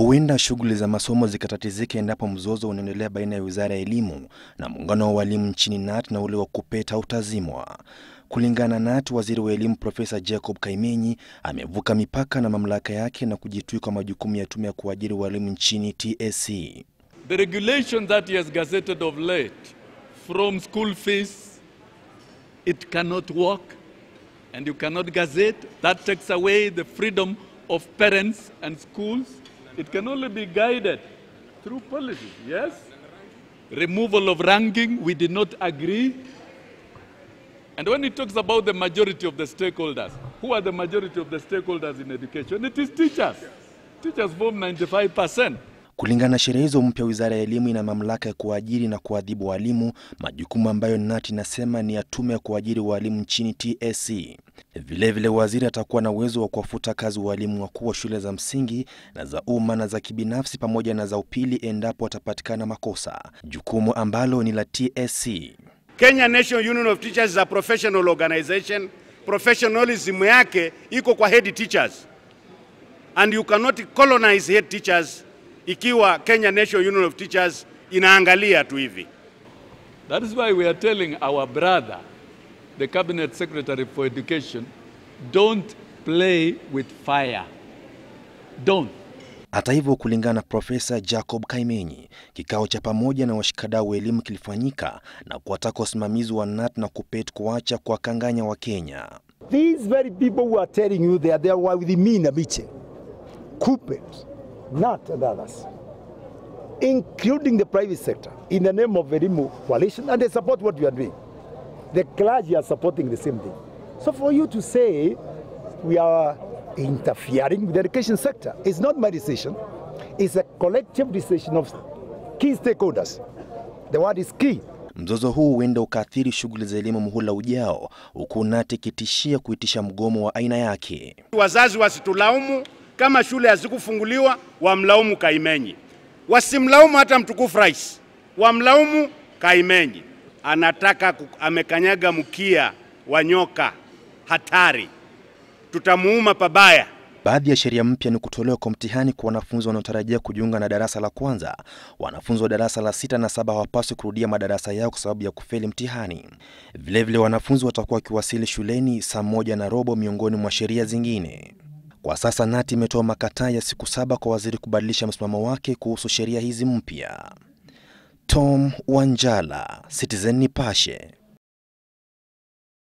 Huenda shughuli za masomo zikatatizika endapo mzozo unaendelea baina ya wizara ya elimu na muungano wa walimu nchini KNUT na ule wa KUPPET utazimwa. Kulingana na KNUT, waziri wa elimu Profesa Jacob Kaimenyi amevuka mipaka na mamlaka yake na kujitwika majukumu ya tume ya kuajiri walimu nchini TSC. E. The regulation that he has gazetted of late from school fees it cannot work and you cannot gazette that takes away the freedom of parents and schools It can only be guided through policy, yes? Removal of ranking, we did not agree. And when he talks about the majority of the stakeholders, who are the majority of the stakeholders in education? It is teachers. Teachers form 95%. Kulingana na sheria hizo mpya, wizara ya elimu ina mamlaka ya kuajiri na kuadhibu walimu, majukumu ambayo NAT inasema ni ya tume ya kuajiri walimu nchini TSC. E. Vilevile vile waziri atakuwa na uwezo wa kuwafuta kazi walimu wakuu wa shule za msingi na za umma na za kibinafsi pamoja na za upili endapo watapatikana makosa, jukumu ambalo ni la TSC. Kenya National Union of Teachers is a professional organization. Professionalism yake iko kwa head teachers and you cannot colonize head teachers ikiwa Kenya National Union of Teachers inaangalia tu hivi. That is why we are telling our brother the Cabinet Secretary for Education, don't play with fire. Don't. Hata hivyo, kulingana na Profesa Jacob Kaimenyi, kikao cha pamoja na washikadau wa elimu kilifanyika na kuwataka wasimamizi wa KNUT na KUPPET kuacha kuwakanganya Kenya. These very people who are telling you they are there with me in a meeting. KUPPET, and others including the private sector in the name of elimu coalition and they support what you are doing the clergy are supporting the same thing. So for you to say we are interfering with the education sector, is not my decision. It's a collective decision of key stakeholders. The word is key. Mzozo huu huenda ukaathiri shughuli za elimu muhula ujao, huku Knati ikitishia kuitisha mgomo wa aina yake. Wazazi wasitulaumu kama shule hazikufunguliwa, wamlaumu Kaimenyi, wasimlaumu hata mtukufu rais, wamlaumu Kaimenyi anataka amekanyaga mkia wa nyoka hatari, tutamuuma pabaya. Baadhi ya sheria mpya ni kutolewa kwa mtihani kwa wanafunzi wanaotarajia kujiunga na darasa la kwanza. Wanafunzi wa darasa la sita na saba hawapaswi kurudia madarasa yao kwa sababu ya kufeli mtihani. Vilevile, wanafunzi watakuwa wakiwasili shuleni saa moja na robo, miongoni mwa sheria zingine. Kwa sasa, nati imetoa makataa ya siku saba kwa waziri kubadilisha msimamo wake kuhusu sheria hizi mpya. Tom Wanjala, Citizen Nipashe.